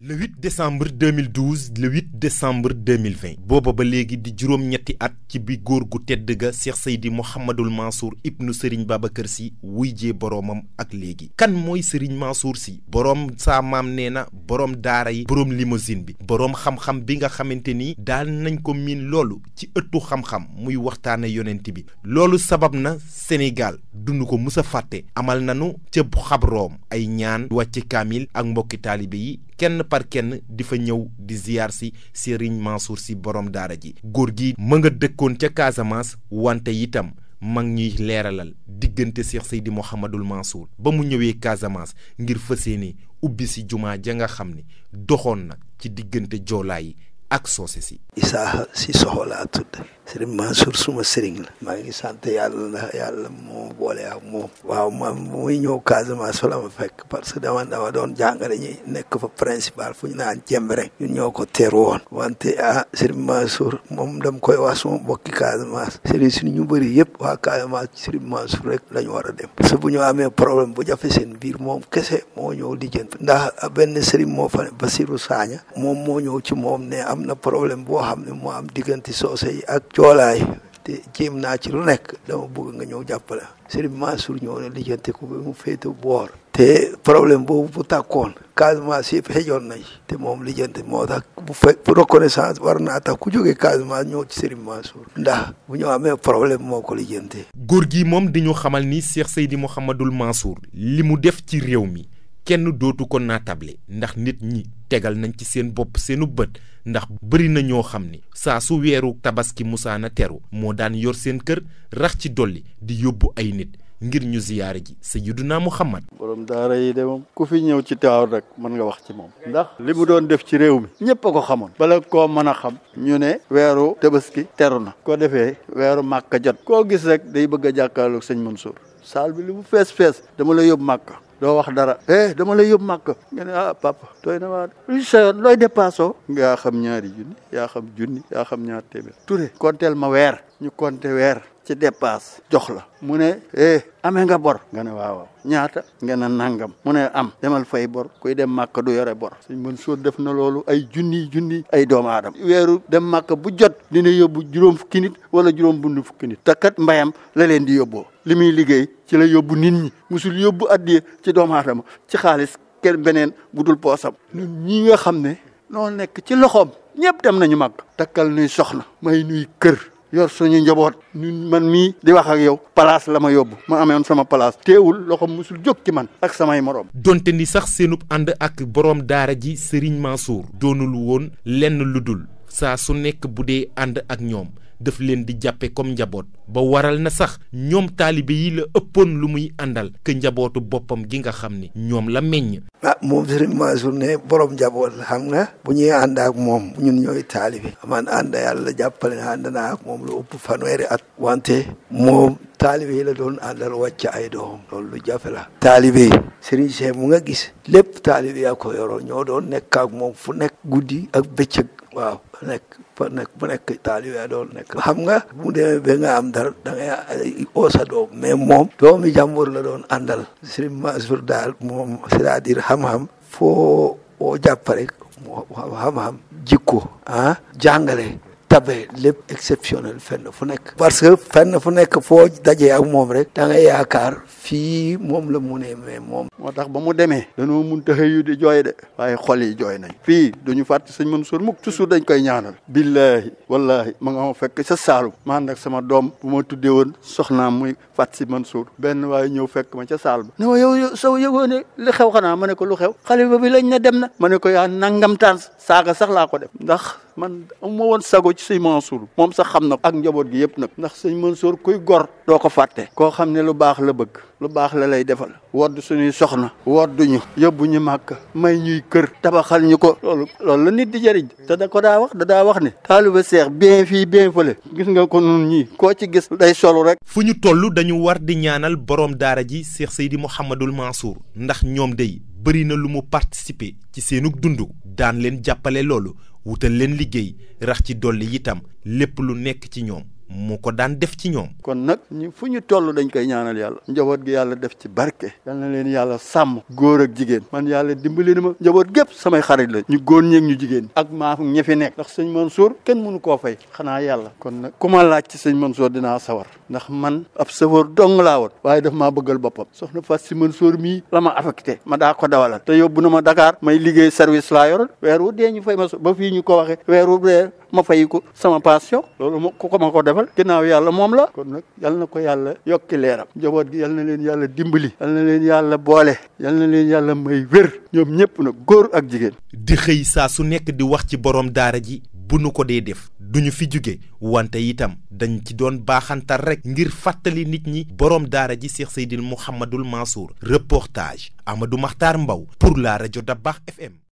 le 8 décembre 2012 le 8 décembre 2020 booba ba léegi di juróom-ñetti at ci bi góor gu tedd ga Cheikh Seydi Mouhamadul Mansour ibnu Serigne kër si wuy jee boroomam ak léegi kan mooy Serigne Mansour si boroom saa maam nee na boroom daara yi boroom limousine bi boroom xam-xam bi nga xamante ni daal nañ ko miin loolu ci ëttu xam-xam muy waxtaane yonent bi loolu sabab na Sénégal dund ko mus a fàtte amal nanu ca xabroom ay ñaan wàcc kaamil ak mbokki taalibe kenn par kenn di fa ñëw di ziyaar si Serigne Mansour si borom daara ji góor gi ma nga dëkkoon ca Casamance wante itam mag ñuy leeralal diggante si Cheikh Seydi Mouhamadul Mansour ba mu ñëwee Casamance ngir fas yéene ubbi si jumaa ja nga xam ni doxoon na ci diggante joolaa yi ak soose si Isaaxa si soxo laa tudd sëriñ Mansour suma sëriñ la maa ngi sant yàlla na yàlla moo boole ak moom waaw man muy ñëw Casamance fa la ma fekk parce que dama dama doon jàngale ñi nekk fa principal fu ñu naan jembere ñu ñoo ko teeru woon wante a ah, sëriñ Mansour moom dam koy wax suma bokki Casamance sëriñ si ñu bëri yëpp waa Casamance sëriñ Mansour rek la ñu war a dem su bu ñu amee problème bu jafe seen biir moom kese moo ñëw lijjanti ndax benn sëriñ moo fa ne na problème boo xam ne moo am diggante soose yi ak joolaay te jéem naa ci lu nekk dama bëgg nga ñëw jàppale Serigne Mansour ñëw na lijjante ko ba mu féete boor te problème boobu bu tàkkoon Casamance yëpp xëjoon nañ te moom lijjante moo tax bu fekk bu reconnaissance war naa tax ku jógee Casamance ñëw ci Serigne Mansour ndax bu ñu amee problème moo ko lijjante góor gi moom dañu xamal ni Cheikh Seydi Mouhamadoul Mansour li mu def ci réew mi kenn dootu ko naatable ndax nit ñi tegal nañ ci seen bopp seenu bët ndax bëri na ñoo xam ni saa su weeru tabaski musaana teru moo daan yor seen kër rax ci dolli di yóbbu ay nit ngir ñu ziyaare ji sayyiduna muhammad borom daara yi de moom ku fi ñëw ci taaw rek mën nga wax ci moom ndax li mu doon def ci réew mi ñëpp ko xamoon bala koo mën a xam ñu ne weeru tabaski teru na ko defee weeru màkka jot koo gis rek day bëgg a jàkkaarloog sëñ Mansour saal bi li mu fees fees dama la yóbbu màkka doo wax dara eh dama lay yóbbu màkk nga ne ah papa tooy na waa lu sa looy dépassé yaa xam ñaari junni yaa xam junni yaa xam ñaar téeméer Touré konteel ma weer ñu konte weer ci dépasse jox la mu ne eh amee nga bor nga ne waaw ñaata nga ne nangam mu ne am demal fay bor kuy dem màkk du yore bor suñ mën soo def na loolu ay junniy junni ay doomu aadama weeru dem màkk bu jot dina yóbbu juróom fukki nit wala juróom bundu fukki nit te mbayam la leen di yóbboo li muy liggéey ci la yóbbu nit ñi musul yóbbu addiye ci doomu aadama ci xaalis kenn beneen bu dul poosam ñun ñi nga xam ne noo nekk ci loxoom ñëpp dem nañu màkk takkal nuy soxna may nuy kër yor suñu njaboot ñun man mii di wax ak yow place la ma yóbbu ma amee sama palaas teewul loxo mosul jóg ci man ak samay moroom donte ni sax seenub ànd ak boroom daara ji Serigne Mansour doonul woon lenn lu dul saa su nekk bu dee ànd ak ñoom daf leen di jàppe comme njaboot ba waral na sax ñoom taalibe yi la ëppoon lu muy àndal ke njabootu boppam gi nga xam ni ñoom la meññ ah moom Serigne Mansour ne borom njaboot la xam nga bu ñuy ànd ak moom ñun ñooy taalibe man ànd yàlla jàppale na ànd naa ak moom lu ëpp fanweeri ak wante moom taalibe yi la doon àndal wàcc ay doom loolu lu jafe la taalibe yi Serigne Cheikh mu nga gis lépp taalibe yaa ko yoroo ñoo doon nekk ak moom fu nekk guddi ak bëccëg waaw fa nekk bu nekk taalibe doon nekk xam nga bu mu demee ba nga am dar da ngay oo sa doom mais moom doomi jàmbur la doon àndal Sëriñ Mansour daal moom c'est-à-dire xam-xam foo oo jàpp rek mu xam jikko ah jàngale tabe lépp exceptionnel fenn fu nekk parce que fenn fu nekk foo daje ak moom rek da nga yaakaar fii moom la mu ne moom moo tax ba mu demee dañoo mun ta xëyu di jooy de waaye xol yi jooy nañ fii duñu fàtte mën soor mukk toujours dañ koy ñaanal billaahi wallaahi ma nga ma fekk sa saalum maa nag sama doom bu ma tuddee woon soxnaam muy si Sy Mansour benn waaye ñëw fekk ma ca saal ba ne ma yow yow saw yëgoone li xew xanaa ma ne ko lu xew xalifa bi lañ ne dem na ma ne ko yaa nangamtaan saaga sax laa ko def ndax man ma woon sago ci sëñ Mansour moom sax xam na ak njaboot gi yëpp nag ndax sëñ Mansour kuy gor doo ko fàtte koo xam ne lu baax la bëgg lu baax la lay defal soxna wodduñu yóbbu ñu màkk may ñuy kër tabaxal ñu ko loolu la nit di jëriñ te da ko daa wax da daa wax ne taaliba seex bien fii bien fële gis nga ko nun ñii koo ci gis day solu rek fu ñu toll dañu war di ñaanal boroom daara ji Seex Seydi Mouhamadul Mansour ndax ñoom day bëri na lu mu participer ci seenug dund daan leen jàppale loolu wutal leen liggéey rax ci dolli itam lépp lu nekk ci ñoom mu ko daan def ci ñoom kon nak ñu fu ñu toll dañ koy ñaanal yàlla njaboot gi yàlla def ci barke yal na leen yàlla sàmm góor ak jigéen man yàlla dimbali na ma njaboot gépp samay xarit la ñu góor ñeeg ñu jigéen ak maa ñi nekk ndax sëñ Mansour kenn mënu koo fay xanaa yàlla kon nag ku ma laaj ci sëñ Mansour dinaa sawar ndax man ab sawar dong laa wat waaye daf maa bëggal boppam soxna Fass si Mansour mii la ma affecté ma daa ko dawalal te yóbbu na ma Dakar may liggéey service laa yoroon weer wu dee ñu fay ma ba fii ñu ko waxe weer wu ma fay ko sama passion loolu ko ko ma ko def defal yàlla moom la kon nag yal na ko yàlla yokki leeram njaboot gi yal na leen yàlla dimbali yal na leen yàlla boole yal na leen yàlla may wér ñoom ñëpp nag góor ak jigéen di xëy saa su nekk di wax ci boroom daara ji bu nu ko dee def du ñu fi jóge wante itam dañ ci doon baaxantal rek ngir fàttali nit ñi borom daara ji Cheikh Seydil Mouhamadul Mansour reportage Amadou Makhtar Mbow pour la rajo Dabakh FM